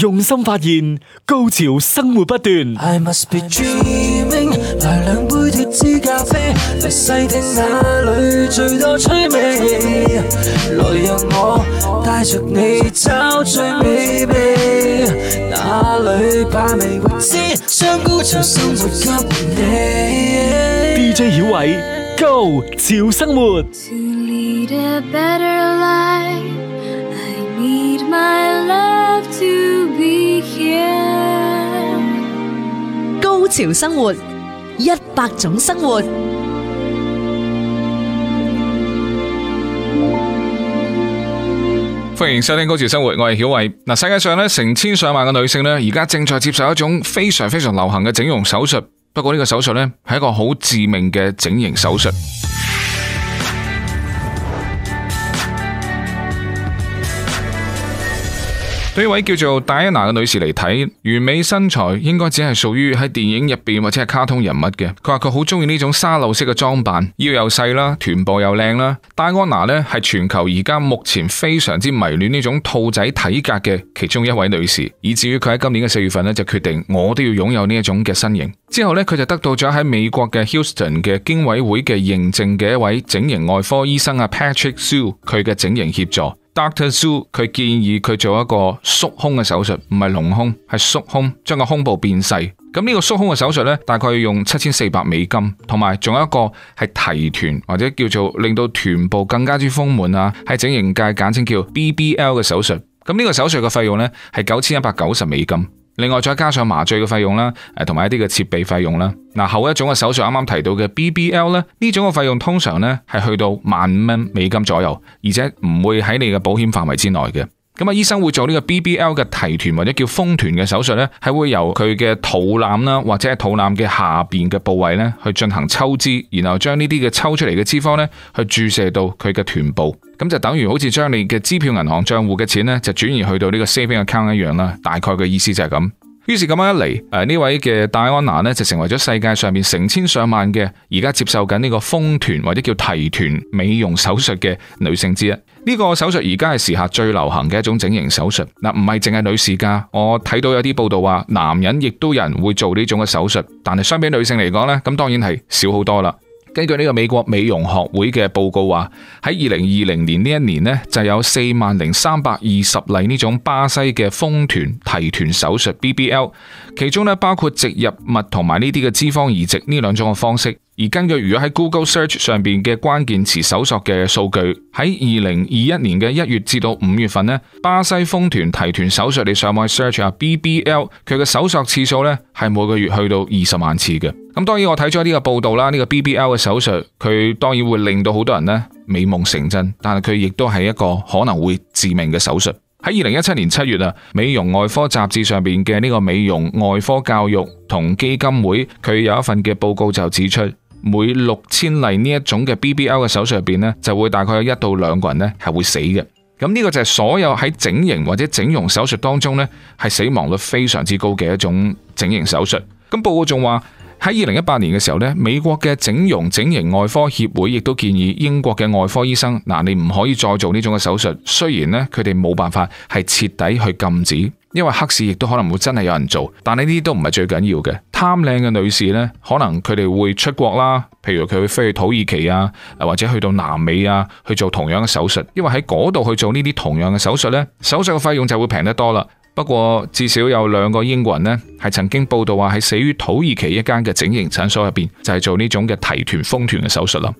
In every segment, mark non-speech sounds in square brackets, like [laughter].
用心發現高潮生活不斷。I must be dreaming，來兩杯脫脂咖啡，來細聽那裏最多趣味。來讓我帶着你找最美秘，哪裏怕未知，將高潮生活給你。DJ 曉偉，高潮生活。To lead a better life, I need my love to Yeah. 高潮生活，一百種生活，歡迎收聽《高潮生活》，我係曉慧。嗱，世界上咧成千上萬嘅女性咧，而家正在接受一種非常非常流行嘅整容手術。不過呢個手術咧，係一個好致命嘅整形手術。對一位叫做戴安娜嘅女士嚟睇，完美身材應該只係屬於喺電影入邊或者係卡通人物嘅。佢話佢好中意呢種沙漏式嘅裝扮，腰又細啦，臀部又靚啦。戴安娜咧，係全球而家目前非常之迷戀呢種兔仔體格嘅其中一位女士，以至於佢喺今年嘅四月份咧，就決定我都要擁有呢一種嘅身形。之後咧，佢就得到咗喺美國嘅 Houston 嘅經委會嘅認證嘅一位整形外科醫生啊，Patrick Sue 佢嘅整形協助。Dr. Zhu 佢建議佢做一個縮胸嘅手術，唔係隆胸，係縮胸，將個胸部變細。咁呢個縮胸嘅手術呢，大概要用七千四百美金，同埋仲有一個係提臀或者叫做令到臀部更加之豐滿啊，喺整形界簡稱叫 BBL 嘅手術。咁呢個手術嘅費用呢，係九千一百九十美金。另外再加上麻醉嘅費用啦，誒同埋一啲嘅設備費用啦。嗱後一種嘅手術啱啱提到嘅 BBL 咧，呢種嘅費用通常咧，係去到萬五蚊美金左右，而且唔會喺你嘅保險範圍之內嘅。咁啊，醫生會做呢個 BBL 嘅提臀或者叫豐臀嘅手術咧，係會由佢嘅肚腩啦，或者係肚腩嘅下邊嘅部位咧，去進行抽脂，然後將呢啲嘅抽出嚟嘅脂肪咧，去注射到佢嘅臀部，咁就等於好似將你嘅支票銀行賬戶嘅錢咧，就轉移去到呢個 saving account 一樣啦。大概嘅意思就係咁。於是咁樣一嚟，誒、呃、呢位嘅戴安娜呢，就成為咗世界上面成千上萬嘅而家接受緊呢個豐臀或者叫提臀美容手術嘅女性之一。呢、這個手術而家係時下最流行嘅一種整形手術。嗱、呃，唔係淨係女士㗎，我睇到有啲報道話，男人亦都有人會做呢種嘅手術，但係相比女性嚟講呢，咁當然係少好多啦。根據呢個美國美容學會嘅報告話，喺二零二零年呢一年呢就有四萬零三百二十例呢種巴西嘅豐臀提臀手術 BBL，其中呢包括植入物同埋呢啲嘅脂肪移植呢兩種嘅方式。而根據如果喺 Google Search 上面嘅關鍵詞搜索嘅數據，喺二零二一年嘅一月至到五月份呢，巴西豐臀提臀手術你上網去 search 啊 BBL 佢嘅搜索次數呢係每個月去到二十萬次嘅。咁當然我睇咗呢個報道啦，呢、這個 BBL 嘅手術佢當然會令到好多人呢美夢成真，但係佢亦都係一個可能會致命嘅手術。喺二零一七年七月啊，美容外科雜誌上面嘅呢個美容外科教育同基金會佢有一份嘅報告就指出。每六千例呢一種嘅 BBL 嘅手術入邊呢，就會大概有一到兩個人呢係會死嘅。咁呢個就係所有喺整形或者整容手術當中呢，係死亡率非常之高嘅一種整形手術。咁報告仲話喺二零一八年嘅時候呢，美國嘅整容整形外科協會亦都建議英國嘅外科醫生嗱，你唔可以再做呢種嘅手術。雖然呢，佢哋冇辦法係徹底去禁止，因為黑市亦都可能會真係有人做，但呢啲都唔係最緊要嘅。貪靚嘅女士呢，可能佢哋會出國啦，譬如佢會飛去土耳其啊，或者去到南美啊，去做同樣嘅手術。因為喺嗰度去做呢啲同樣嘅手術呢，手術嘅費用就會平得多啦。不過至少有兩個英國人呢，係曾經報道話係死於土耳其一間嘅整形診所入邊，就係、是、做呢種嘅提臀封臀嘅手術啦。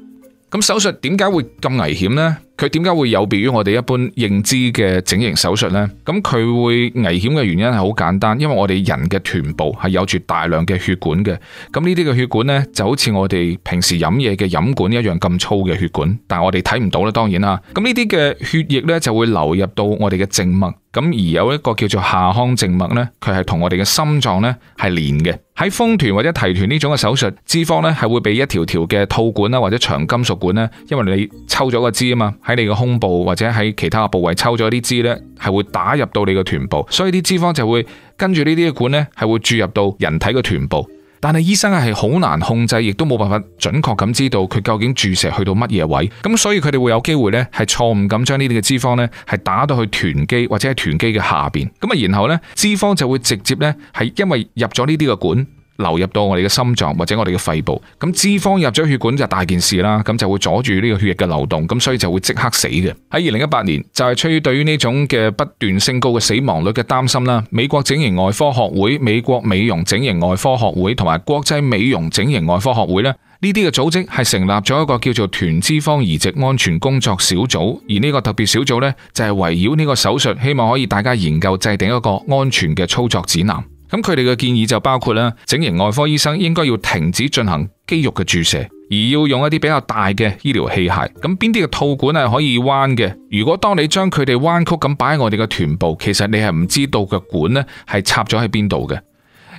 咁手術點解會咁危險呢？佢點解會有別於我哋一般認知嘅整形手術呢？咁佢會危險嘅原因係好簡單，因為我哋人嘅臀部係有住大量嘅血管嘅。咁呢啲嘅血管呢，就好似我哋平時飲嘢嘅飲管一樣咁粗嘅血管，但係我哋睇唔到啦。當然啦，咁呢啲嘅血液呢，就會流入到我哋嘅靜脈，咁而有一個叫做下腔靜脈呢，佢係同我哋嘅心臟呢係連嘅。喺豐臀或者提臀呢種嘅手術，脂肪呢係會被一條條嘅套管啦，或者長金屬管呢，因為你抽咗個脂啊嘛，喺你個胸部或者喺其他嘅部位抽咗啲脂呢，係會打入到你個臀部，所以啲脂肪就會跟住呢啲管呢，係會注入到人體嘅臀部。但係醫生啊係好難控制，亦都冇辦法準確咁知道佢究竟注射去到乜嘢位，咁所以佢哋會有機會呢係錯誤咁將呢啲嘅脂肪呢係打到去臀肌，或者係臀肌嘅下面，咁啊然後呢，脂肪就會直接呢係因為入咗呢啲嘅管。流入到我哋嘅心臟或者我哋嘅肺部，咁脂肪入咗血管就大件事啦，咁就會阻住呢個血液嘅流動，咁所以就會即刻死嘅。喺二零一八年，就係出於對於呢種嘅不斷升高嘅死亡率嘅擔心啦，美國整形外科學會、美國美容整形外科學會同埋國際美容整形外科學會咧，呢啲嘅組織係成立咗一個叫做團脂肪移植安全工作小組，而呢個特別小組咧就係圍繞呢個手術，希望可以大家研究制定一個安全嘅操作指南。咁佢哋嘅建議就包括咧，整形外科醫生應該要停止進行肌肉嘅注射，而要用一啲比較大嘅醫療器械。咁邊啲嘅套管係可以彎嘅？如果當你將佢哋彎曲咁擺喺我哋嘅臀部，其實你係唔知道個管呢係插咗喺邊度嘅。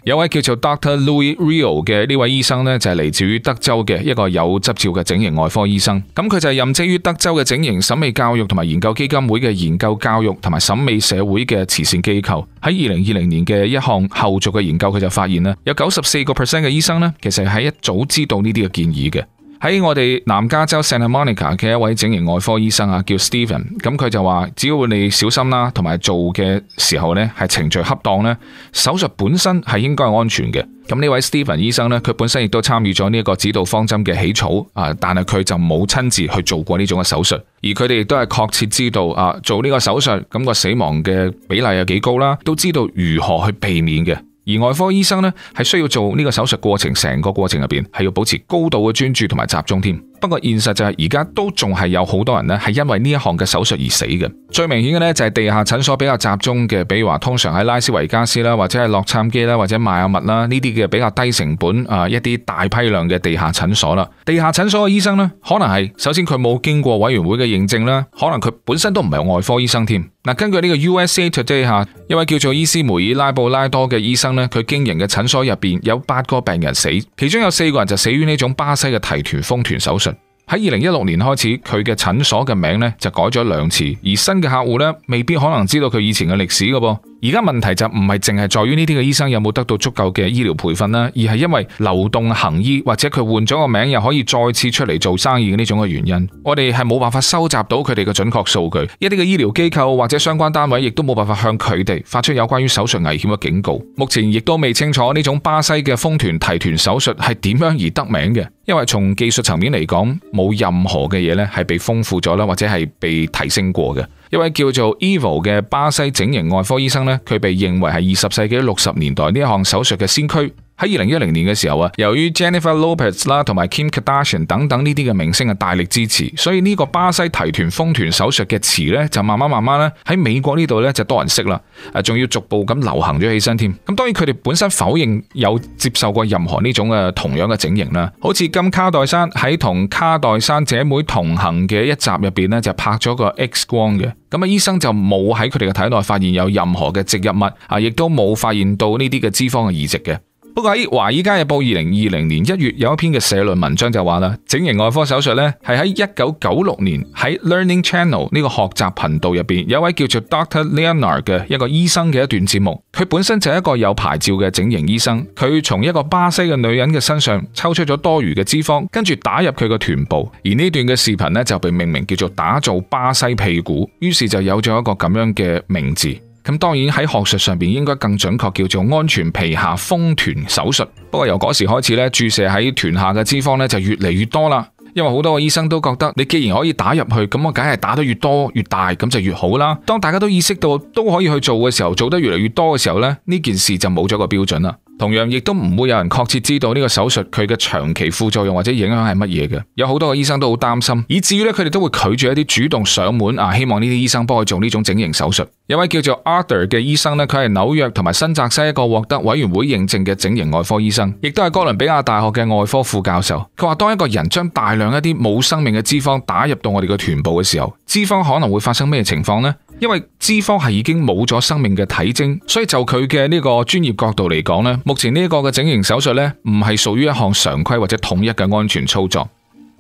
有位叫做 Dr. Louis Riel 嘅呢位醫生呢，就係嚟自於德州嘅一個有執照嘅整形外科醫生。咁佢就係任職於德州嘅整形審美教育同埋研究基金會嘅研究教育同埋審美社會嘅慈善機構。喺二零二零年嘅一項後續嘅研究，佢就發現咧，有九十四個 percent 嘅醫生呢，其實係一早知道呢啲嘅建議嘅。喺我哋南加州 Santa Monica 嘅一位整形外科醫生啊，叫 Stephen，咁佢就話，只要你小心啦，同埋做嘅時候咧係程序恰當呢，手術本身係應該係安全嘅。咁呢位 Stephen 醫生呢，佢本身亦都參與咗呢個指導方針嘅起草啊，但係佢就冇親自去做過呢種嘅手術，而佢哋亦都係確切知道啊，做呢個手術咁個死亡嘅比例有幾高啦，都知道如何去避免嘅。而外科醫生咧，係需要做呢個手術過程成個過程入邊，係要保持高度嘅專注同埋集中添。不過現實就係而家都仲係有好多人呢，係因為呢一項嘅手術而死嘅。最明顯嘅呢，就係地下診所比較集中嘅，比如話通常喺拉斯維加斯啦，或者係洛杉磯啦，或者邁阿密啦，呢啲嘅比較低成本啊一啲大批量嘅地下診所啦。地下診所嘅醫生呢，可能係首先佢冇經過委員會嘅認證啦，可能佢本身都唔係外科醫生添。嗱，根據呢個 USA Today 吓，一位叫做伊斯梅爾拉布拉多嘅醫生呢，佢經營嘅診所入邊有八個病人死，其中有四個人就死於呢種巴西嘅提臀豐臀手術。喺二零一六年開始，佢嘅診所嘅名咧就改咗兩次，而新嘅客戶呢未必可能知道佢以前嘅歷史嘅噃。而家問題就唔係淨係在於呢啲嘅醫生有冇得到足夠嘅醫療培訓啦，而係因為流動行醫或者佢換咗個名又可以再次出嚟做生意嘅呢種嘅原因，我哋係冇辦法收集到佢哋嘅準確數據。一啲嘅醫療機構或者相關單位亦都冇辦法向佢哋發出有關於手術危險嘅警告。目前亦都未清楚呢種巴西嘅豐臀提臀手術係點樣而得名嘅，因為從技術層面嚟講冇任何嘅嘢咧係被豐富咗啦，或者係被提升過嘅。一位叫做 Evil 嘅巴西整形外科醫生咧，佢被認為係二十世紀六十年代呢一項手術嘅先驅。喺二零一零年嘅時候啊，由於 Jennifer Lopez 啦，同埋 Kim Kardashian 等等呢啲嘅明星嘅大力支持，所以呢個巴西提臀豐臀手術嘅詞呢，就慢慢慢慢咧喺美國呢度呢，就多人識啦，誒，仲要逐步咁流行咗起身添。咁當然佢哋本身否認有接受過任何呢種嘅同樣嘅整形啦。好似金卡黛珊喺同卡黛珊姐妹同行嘅一集入邊呢，就拍咗個 X 光嘅，咁啊醫生就冇喺佢哋嘅體內發現有任何嘅植入物啊，亦都冇發現到呢啲嘅脂肪嘅移植嘅。不過喺《華爾街日報》二零二零年一月有一篇嘅社論文章就話啦，整形外科手術咧，係喺一九九六年喺 Learning Channel 呢個學習頻道入面，有位叫做 Dr. Leonard 嘅一個醫生嘅一段節目，佢本身就係一個有牌照嘅整形醫生，佢從一個巴西嘅女人嘅身上抽出咗多餘嘅脂肪，跟住打入佢個臀部，而呢段嘅視頻咧，就被命名叫做打造巴西屁股，於是就有咗一個咁樣嘅名字。咁當然喺學術上邊應該更準確叫做安全皮下豐臀手術。不過由嗰時開始咧，注射喺臀下嘅脂肪咧就越嚟越多啦。因為好多個醫生都覺得，你既然可以打入去，咁我梗係打得越多越大，咁就越好啦。當大家都意識到都可以去做嘅時候，做得越嚟越多嘅時候咧，呢件事就冇咗個標準啦。同樣亦都唔會有人確切知道呢個手術佢嘅長期副作用或者影響係乜嘢嘅，有好多嘅醫生都好擔心，以至於咧佢哋都會拒絕一啲主動上門啊，希望呢啲醫生幫佢做呢種整形手術。有位叫做 Arthur 嘅醫生咧，佢係紐約同埋新澤西一個獲得委員會認證嘅整形外科醫生，亦都係哥倫比亞大學嘅外科副教授。佢話當一個人將大量一啲冇生命嘅脂肪打入到我哋嘅臀部嘅時候，脂肪可能會發生咩情況呢？因為脂肪係已經冇咗生命嘅體徵，所以就佢嘅呢個專業角度嚟講咧，目前呢個嘅整形手術呢唔係屬於一項常規或者統一嘅安全操作。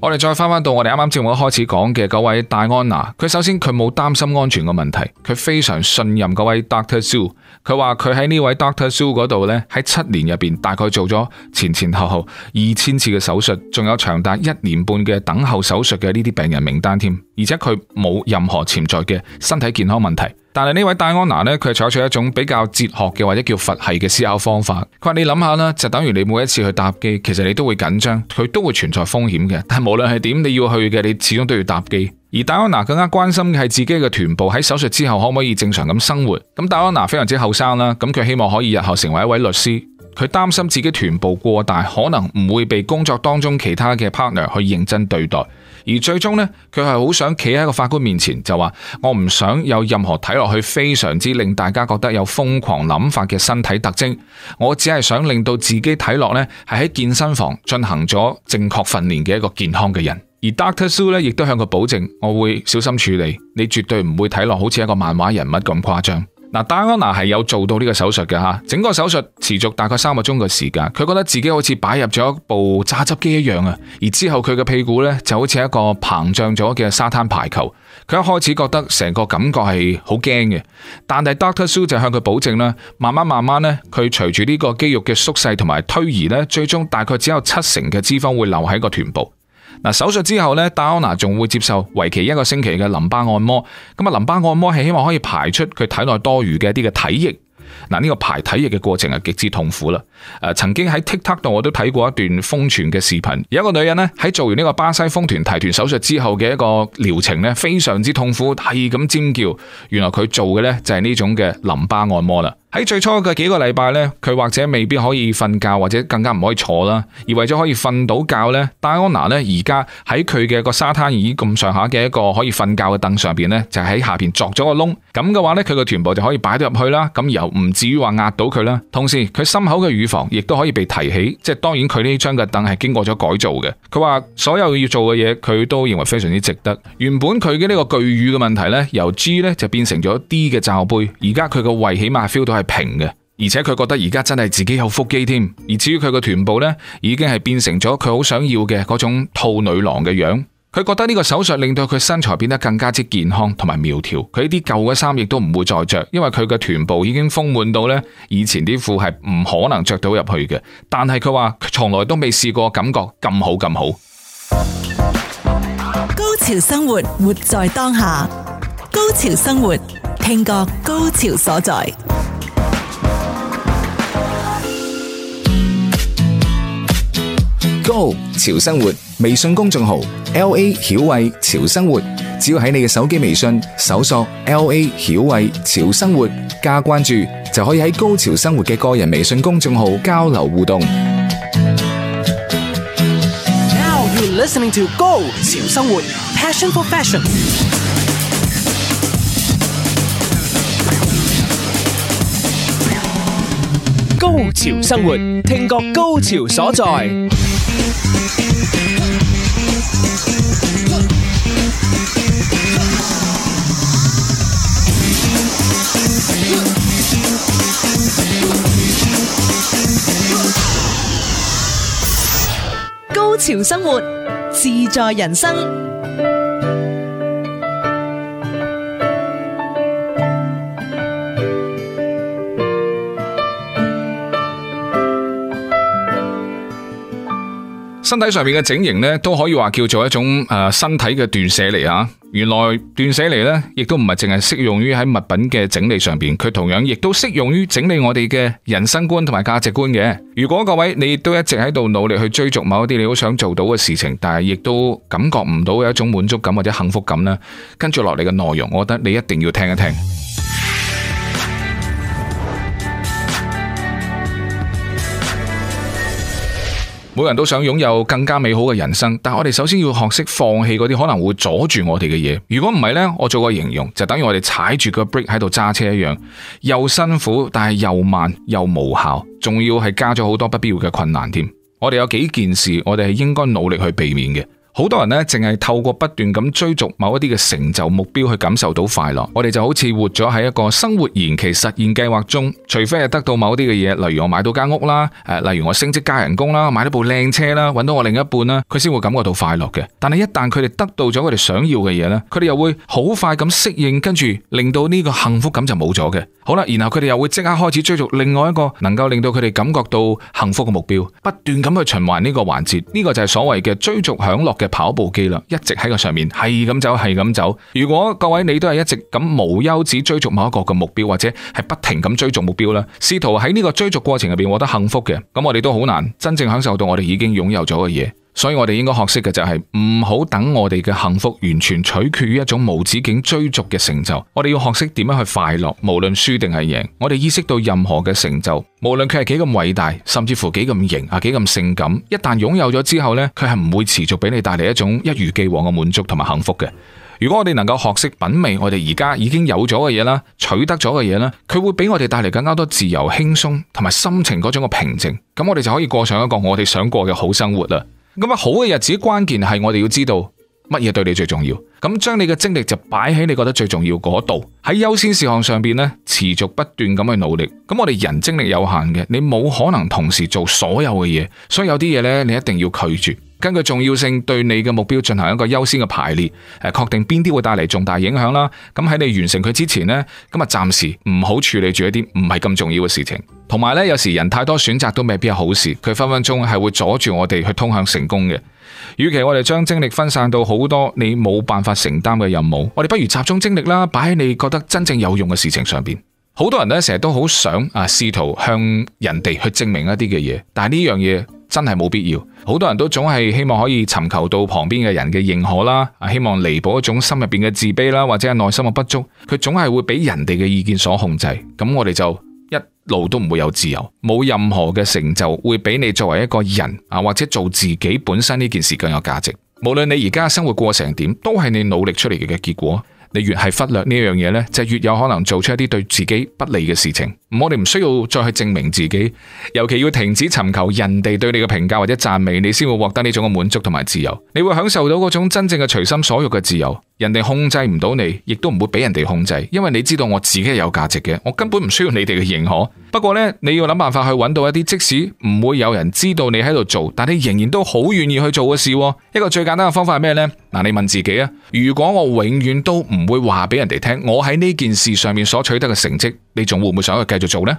我哋再返返到我哋啱啱節目開始講嘅嗰位戴安娜，佢首先佢冇擔心安全嘅問題，佢非常信任嗰位 Dr. Sue，佢話佢喺呢位 Dr. Sue 嗰度咧，喺七年入邊大概做咗前前後後二千次嘅手術，仲有長達一年半嘅等候手術嘅呢啲病人名單添，而且佢冇任何潛在嘅身體健康問題。但係呢位戴安娜咧，佢係採取一種比較哲學嘅或者叫佛系嘅思考方法。佢話你諗下啦，就等於你每一次去搭機，其實你都會緊張，佢都會存在風險嘅。但係無論係點，你要去嘅，你始終都要搭機。而戴安娜更加關心嘅係自己嘅臀部喺手術之後可唔可以正常咁生活。咁戴安娜非常之後生啦，咁佢希望可以日後成為一位律師。佢擔心自己臀部過大，可能唔會被工作當中其他嘅 partner 去認真對待。而最終呢，佢係好想企喺個法官面前就，就話我唔想有任何睇落去非常之令大家覺得有瘋狂諗法嘅身體特徵，我只係想令到自己睇落呢，係喺健身房進行咗正確訓練嘅一個健康嘅人。而 Dr. Sue 呢亦都向佢保證，我會小心處理，你絕對唔會睇落好似一個漫畫人物咁誇張。嗱，戴安娜係有做到呢個手術㗎，整個手術持續大概三個鐘嘅時間，佢覺得自己好似擺入咗一部榨汁機一樣啊！而之後佢嘅屁股呢就好似一個膨脹咗嘅沙灘排球，佢一開始覺得成個感覺係好驚嘅，但係 Doctor Su 就向佢保證啦，慢慢慢慢呢，佢隨住呢個肌肉嘅縮細同埋推移呢，最終大概只有七成嘅脂肪會留喺個臀部。嗱，手術之後呢，戴安娜仲會接受為期一個星期嘅淋巴按摩。咁啊，淋巴按摩係希望可以排出佢體內多餘嘅一啲嘅體液。嗱，呢個排體液嘅過程係極之痛苦啦。誒，曾經喺 TikTok 度我都睇過一段瘋傳嘅視頻，有一個女人呢，喺做完呢個巴西豐臀提臀手術之後嘅一個療程呢，非常之痛苦，係咁尖叫。原來佢做嘅呢，就係呢種嘅淋巴按摩啦。喺最初嘅幾個禮拜呢，佢或者未必可以瞓覺，或者更加唔可以坐啦。而為咗可以瞓到覺呢，戴安娜呢而家喺佢嘅個沙灘椅咁上下嘅一個可以瞓覺嘅凳上邊呢，就喺下邊鑿咗個窿。咁嘅話呢，佢個臀部就可以擺到入去啦。咁又唔至於話壓到佢啦。同時佢心口嘅乳房亦都可以被提起。即係當然佢呢張嘅凳係經過咗改造嘅。佢話所有要做嘅嘢佢都認為非常之值得。原本佢嘅呢個巨乳嘅問題呢，由 G 呢就變成咗 D 嘅罩杯。而家佢個胃起碼 feel 到係平嘅，而且佢覺得而家真係自己有腹肌添。而至於佢個臀部呢，已經係變成咗佢好想要嘅嗰種兔女郎嘅樣。佢覺得呢個手術令到佢身材變得更加之健康同埋苗條。佢啲舊嘅衫亦都唔會再着，因為佢嘅臀部已經豐滿到呢，以前啲褲係唔可能着到入去嘅。但係佢話從來都未試過感覺咁好咁好。高潮生活活在當下，高潮生活聽覺高潮所在。高潮生活微信公眾號 L A 曉慧潮生活，只要喺你嘅手機微信搜索 L A 曉慧潮生活加關注，就可以喺高潮生活嘅個人微信公眾號交流互動。Now you listening to 高潮生活 Passion for Fashion。高潮生活，聽覺高潮所在。潮生活，自在人生。身體上面嘅整形咧，都可以話叫做一種誒、呃、身體嘅斷捨離啊。原來斷捨離咧，亦都唔係淨係適用於喺物品嘅整理上邊，佢同樣亦都適用於整理我哋嘅人生觀同埋價值觀嘅。如果各位你都一直喺度努力去追逐某一啲你好想做到嘅事情，但係亦都感覺唔到有一種滿足感或者幸福感咧，跟住落嚟嘅內容，我覺得你一定要聽一聽。每人都想擁有更加美好嘅人生，但我哋首先要學識放棄嗰啲可能會阻住我哋嘅嘢。如果唔係呢，我做個形容，就等於我哋踩住個 brake 喺度揸車一樣，又辛苦，但係又慢又無效，仲要係加咗好多不必要嘅困難添。我哋有幾件事，我哋係應該努力去避免嘅。好多人呢，淨係透過不斷咁追逐某一啲嘅成就目標去感受到快樂。我哋就好似活咗喺一個生活延期實現計劃中，除非係得到某啲嘅嘢，例如我買到間屋啦，誒、呃，例如我升職加人工啦，買到部靚車啦，搵到我另一半啦，佢先會感覺到快樂嘅。但係一旦佢哋得到咗佢哋想要嘅嘢呢，佢哋又會好快咁適應，跟住令到呢個幸福感就冇咗嘅。好啦，然後佢哋又會即刻開始追逐另外一個能夠令到佢哋感覺到幸福嘅目標，不斷咁去循環呢個環節。呢、這個就係所謂嘅追逐享樂。跑步機啦，一直喺個上面係咁走，係咁走。如果各位你都係一直咁無休止追逐某一個嘅目標，或者係不停咁追逐目標啦，試圖喺呢個追逐過程入邊獲得幸福嘅，咁我哋都好難真正享受到我哋已經擁有咗嘅嘢。所以我哋應該學識嘅就係唔好等我哋嘅幸福完全取決於一種無止境追逐嘅成就。我哋要學識點樣去快樂，無論輸定係贏。我哋意識到任何嘅成就，無論佢係幾咁偉大，甚至乎幾咁型啊，幾咁性感，一旦擁有咗之後呢，佢係唔會持續俾你帶嚟一種一如既往嘅滿足同埋幸福嘅。如果我哋能夠學識品味我哋而家已經有咗嘅嘢啦，取得咗嘅嘢啦，佢會俾我哋帶嚟更加多自由、輕鬆同埋心情嗰種嘅平靜。咁我哋就可以過上一個我哋想過嘅好生活啦。咁啊，好嘅日子關鍵係我哋要知道乜嘢對你最重要，咁將你嘅精力就擺喺你覺得最重要嗰度，喺優先事項上邊咧，持續不斷咁去努力。咁我哋人精力有限嘅，你冇可能同時做所有嘅嘢，所以有啲嘢咧，你一定要拒絕，根據重要性對你嘅目標進行一個優先嘅排列，誒，確定邊啲會帶嚟重大影響啦。咁喺你完成佢之前呢，咁啊暫時唔好處理住一啲唔係咁重要嘅事情。同埋咧，有時人太多選擇都未必係好事，佢分分鐘係會阻住我哋去通向成功嘅。與其我哋將精力分散到好多你冇辦法承擔嘅任務，我哋不如集中精力啦，擺喺你覺得真正有用嘅事情上面。好多人咧，成日都好想啊，試圖向人哋去證明一啲嘅嘢，但係呢樣嘢真係冇必要。好多人都總係希望可以尋求到旁邊嘅人嘅認可啦，啊，希望彌補一種心入邊嘅自卑啦，或者係內心嘅不足，佢總係會俾人哋嘅意見所控制。咁我哋就。路都唔會有自由，冇任何嘅成就會比你作為一個人啊或者做自己本身呢件事更有價值。無論你而家生活過成點，都係你努力出嚟嘅結果。你越係忽略呢樣嘢咧，就係，越有可能做出一啲對自己不利嘅事情。我哋唔需要再去證明自己，尤其要停止尋求人哋對你嘅評價或者讚美，你先會獲得呢種嘅滿足同埋自由。你會享受到嗰種真正嘅隨心所欲嘅自由。人哋控制唔到你，亦都唔會俾人哋控制，因為你知道我自己係有價值嘅，我根本唔需要你哋嘅認可。不過呢，你要諗辦法去揾到一啲即使唔會有人知道你喺度做，但你仍然都好願意去做嘅事。一個最簡單嘅方法係咩呢？嗱，你問自己啊，如果我永遠都唔會話俾人哋聽，我喺呢件事上面所取得嘅成績，你仲會唔會想去繼續做呢？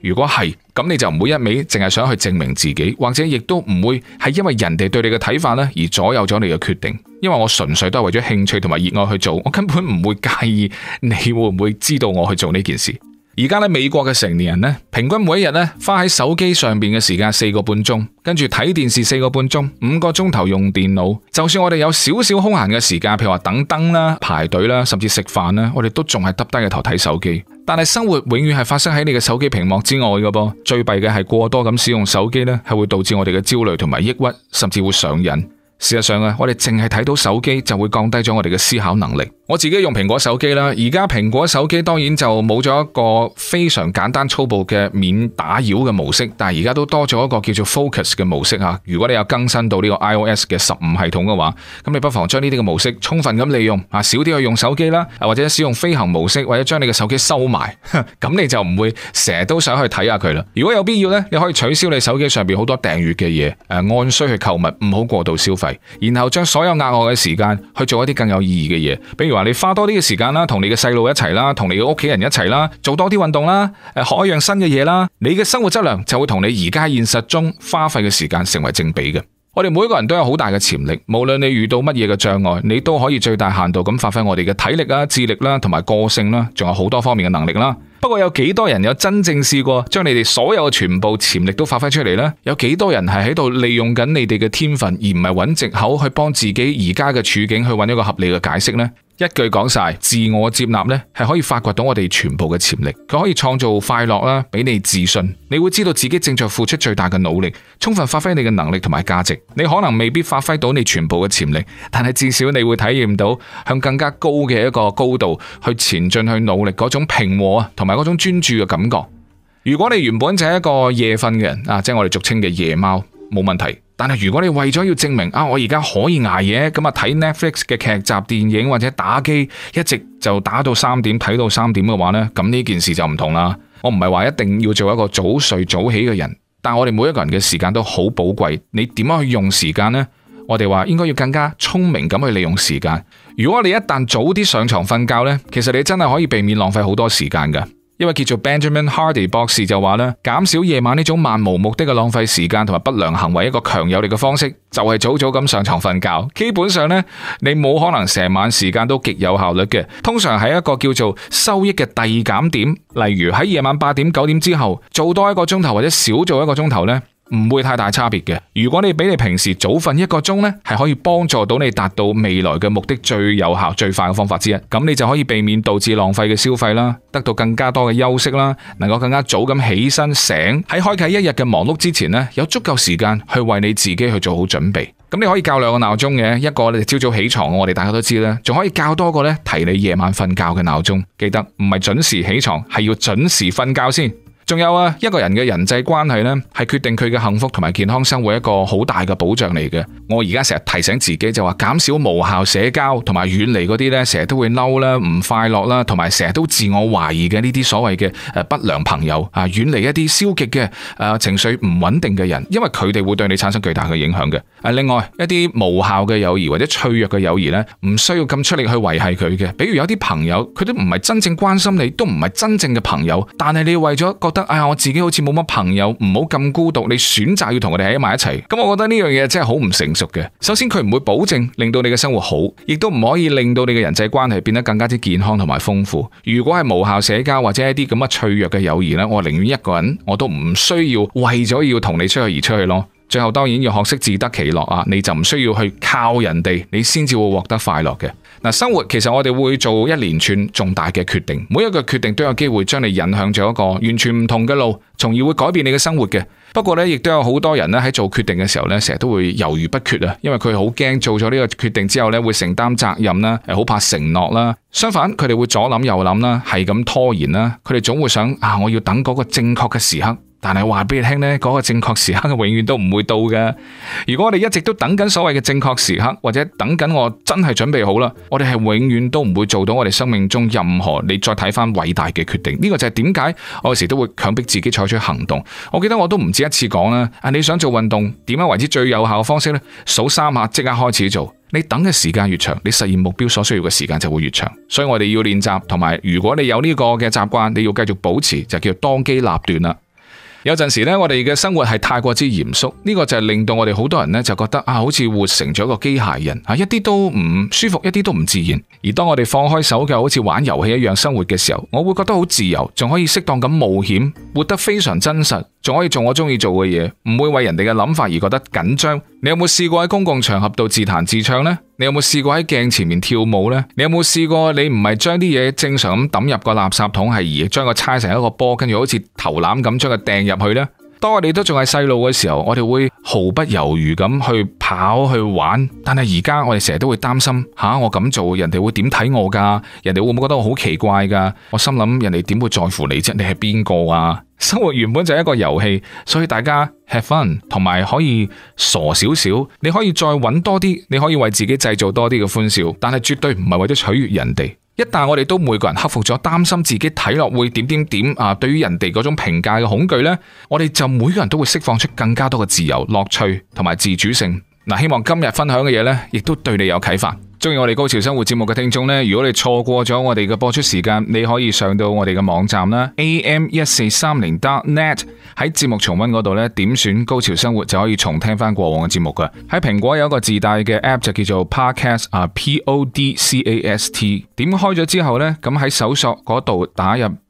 如果係咁，你就唔會一味淨係想去證明自己，或者亦都唔會係因為人哋對你嘅睇法咧而左右咗你嘅決定。因為我純粹都係為咗興趣同埋熱愛去做，我根本唔會介意你會唔會知道我去做呢件事。而家呢，美國嘅成年人呢，平均每一日呢，花喺手機上面嘅時間四個半鐘，跟住睇電視四個半鐘，五個鐘頭用電腦。就算我哋有少少空閒嘅時間，譬如話等燈啦、排隊啦，甚至食飯啦，我哋都仲係耷低個頭睇手機。但係生活永遠係發生喺你嘅手機屏幕之外嘅噃。最弊嘅係過多咁使用手機呢，係會導致我哋嘅焦慮同埋抑鬱，甚至會上癮。事實上啊，我哋淨係睇到手機就會降低咗我哋嘅思考能力。我自己用蘋果手機啦，而家蘋果手機當然就冇咗一個非常簡單粗暴嘅免打擾嘅模式，但係而家都多咗一個叫做 Focus 嘅模式啊。如果你有更新到呢個 iOS 嘅十五系統嘅話，咁你不妨將呢啲嘅模式充分咁利用啊，少啲去用手機啦，或者使用飛行模式，或者將你嘅手機收埋，咁你就唔會成日都想去睇下佢啦。如果有必要呢，你可以取消你手機上邊好多訂閱嘅嘢，按需去購物，唔好過度消費。然後將所有額外嘅時間去做一啲更有意義嘅嘢，比如話你花多啲嘅時間啦，同你嘅細路一齊啦，同你嘅屋企人一齊啦，做多啲運動啦，誒，學一樣新嘅嘢啦，你嘅生活質量就會同你而家現實中花費嘅時間成為正比嘅。 [laughs] 我哋每一個人都有好大嘅潛力，無論你遇到乜嘢嘅障礙，你都可以最大限度咁發揮我哋嘅體力啦、智力啦、同埋個性啦，仲有好多方面嘅能力啦。不過有幾多人有真正試過將你哋所有嘅全部潛力都發揮出嚟呢？有幾多人係喺度利用緊你哋嘅天分，而唔係揾藉口去幫自己而家嘅處境去揾一個合理嘅解釋呢？一句講晒，自我接納咧係可以發掘到我哋全部嘅潛力，佢可以創造快樂啦，俾你自信。你會知道自己正在付出最大嘅努力，充分發揮你嘅能力同埋價值。你可能未必發揮到你全部嘅潛力，但係至少你會體驗到向更加高嘅一個高度去前進去努力嗰種平和啊，同埋嗰種專注嘅感覺。如果你原本就係一個夜瞓嘅人啊，即係我哋俗稱嘅夜貓，冇問題。但係如果你為咗要證明啊，我而家可以捱夜咁啊，睇 Netflix 嘅劇集、電影或者打機，一直就打到三點，睇到三點嘅話呢，咁呢件事就唔同啦。我唔係話一定要做一個早睡早起嘅人，但係我哋每一個人嘅時間都好寶貴，你點樣去用時間呢？我哋話應該要更加聰明咁去利用時間。如果你一旦早啲上床瞓覺呢，其實你真係可以避免浪費好多時間噶。因為叫做 Benjamin Hardy 博士就話咧，減少夜晚呢種漫無目的嘅浪費時間同埋不良行為一個強有力嘅方式，就係、是、早早咁上,上床瞓覺。基本上呢，你冇可能成晚時間都極有效率嘅。通常係一個叫做收益嘅遞減點，例如喺夜晚八點九點之後做多一個鐘頭或者少做一個鐘頭呢。唔會太大差別嘅。如果你比你平時早瞓一個鐘呢，係可以幫助到你達到未來嘅目的，最有效、最快嘅方法之一。咁你就可以避免導致浪費嘅消費啦，得到更加多嘅休息啦，能夠更加早咁起身醒，喺開啟一日嘅忙碌之前呢，有足夠時間去為你自己去做好準備。咁你可以較兩個鬧鐘嘅，一個你朝早起床，我哋大家都知啦，仲可以較多個呢，提你夜晚瞓覺嘅鬧鐘。記得唔係準時起床，係要準時瞓覺先。仲有啊，一個人嘅人際關係呢，係決定佢嘅幸福同埋健康生活一個好大嘅保障嚟嘅。我而家成日提醒自己就話，減少無效社交，同埋遠離嗰啲呢，成日都會嬲啦、唔快樂啦，同埋成日都自我懷疑嘅呢啲所謂嘅不良朋友啊，遠離一啲消極嘅、啊、情緒唔穩定嘅人，因為佢哋會對你產生巨大嘅影響嘅、啊。另外一啲無效嘅友誼或者脆弱嘅友誼呢，唔需要咁出力去維繫佢嘅。比如有啲朋友，佢都唔係真正關心你，都唔係真正嘅朋友，但係你為咗覺得。哎呀，我自己好似冇乜朋友，唔好咁孤獨。你選擇要同佢哋喺埋一齊，咁我覺得呢樣嘢真係好唔成熟嘅。首先，佢唔會保證令到你嘅生活好，亦都唔可以令到你嘅人際關係變得更加之健康同埋豐富。如果係無效社交，或者一啲咁嘅脆弱嘅友誼呢，我寧願一個人，我都唔需要為咗要同你出去而出去咯。最後，當然要學識自得其樂啊，你就唔需要去靠人哋，你先至會獲得快樂嘅。嗱，生活其實我哋會做一連串重大嘅決定，每一個決定都有機會將你引向咗一個完全唔同嘅路，從而會改變你嘅生活嘅。不過咧，亦都有好多人咧喺做決定嘅時候咧，成日都會猶豫不決啊，因為佢好驚做咗呢個決定之後咧會承擔責任啦，好怕承諾啦。相反，佢哋會左諗右諗啦，係咁拖延啦，佢哋總會想啊，我要等嗰個正確嘅時刻。但係話俾你聽，呢嗰個正確時刻永遠都唔會到嘅。如果我哋一直都等緊所謂嘅正確時刻，或者等緊我真係準備好啦，我哋係永遠都唔會做到我哋生命中任何你再睇翻偉大嘅決定。呢個就係點解我有時都會強迫自己採取行動。我記得我都唔止一次講啦，啊你想做運動點樣為之最有效嘅方式呢？數三下即刻開始做。你等嘅時間越長，你實現目標所需要嘅時間就會越長。所以我哋要練習，同埋如果你有呢個嘅習慣，你要繼續保持就叫當機立斷啦。有陣時咧，我哋嘅生活係太過之嚴肅，呢、這個就係令到我哋好多人咧就覺得、啊、好似活成咗個機械人，一啲都唔舒服，一啲都唔自然。而當我哋放開手腳，好似玩遊戲一樣生活嘅時候，我會覺得好自由，仲可以適當咁冒險，活得非常真實，仲可以做我中意做嘅嘢，唔會為人哋嘅諗法而覺得緊張。你有冇試過喺公共場合度自彈自唱呢？你有冇試過喺鏡前面跳舞呢？你有冇試過你唔係將啲嘢正常咁抌入個垃圾桶，係而將佢猜成一個波，跟住好似投籃咁將佢掟入去呢？當我哋都仲係細路嘅時候，我哋會毫不猶豫咁去跑去玩，但係而家我哋成日都會擔心吓、啊，我咁做人哋會點睇我噶？人哋會唔會，會覺得我好奇怪噶？我心諗人哋點會在乎你啫？你係邊個啊？生活原本就係一個遊戲，所以大家 have fun，同埋可以傻少少。你可以再揾多啲，你可以為自己製造多啲嘅歡笑，但係絕對唔係為咗取悅人哋。一旦我哋都每個人克服咗擔心自己睇落會點點點啊，對於人哋嗰種評價嘅恐懼呢，我哋就每個人都會釋放出更加多嘅自由、樂趣同埋自主性。嗱，希望今日分享嘅嘢呢，亦都對你有啟發。中意我哋高潮生活節目嘅聽眾呢，如果你錯過咗我哋嘅播出時間，你可以上到我哋嘅網站啦，am 一四三零 dot net 喺節目重温嗰度呢，點選高潮生活就可以重聽返過往嘅節目㗎。喺蘋果有一個自帶嘅 app 就叫做 Podcast 啊，P O D C A S T，點開咗之後呢，咁喺搜索嗰度打入。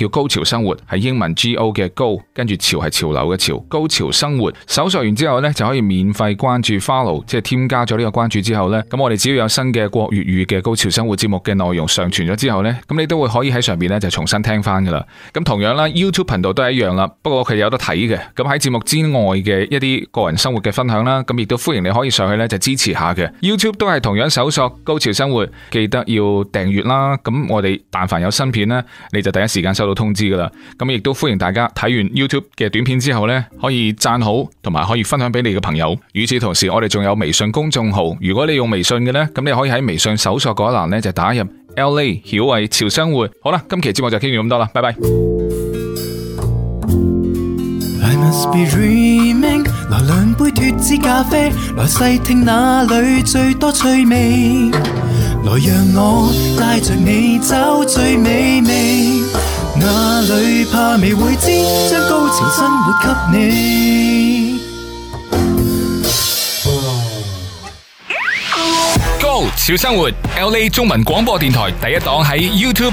叫高潮生活係英文 G.O 嘅高，跟住潮係潮流嘅潮，高潮生活。搜索完之後呢，就可以免費關注 follow，即係添加咗呢個關注之後呢，咁我哋只要有新嘅國粵語嘅高潮生活節目嘅內容上傳咗之後呢，咁你都會可以喺上面呢就重新聽翻噶啦。咁同樣啦，YouTube 頻道都係一樣啦，不過佢有得睇嘅。咁喺節目之外嘅一啲個人生活嘅分享啦，咁亦都歡迎你可以上去呢就支持下嘅。YouTube 都係同樣搜索高潮生活，記得要訂閱啦。咁我哋但凡有新片呢，你就第一時間收。通知噶啦，咁亦都歡迎大家睇完 YouTube 嘅短片之後呢，可以讚好同埋可以分享俾你嘅朋友。與此同時，我哋仲有微信公眾號，如果你用微信嘅呢，咁你可以喺微信搜索嗰一欄呢，就打入 L A 曉慧潮生活。好啦，今期節目就傾完咁多啦，拜拜。哪裡怕未會知，將高潮生活給你。Go 潮生活，LA 中文廣播電台第一檔喺 YouTube。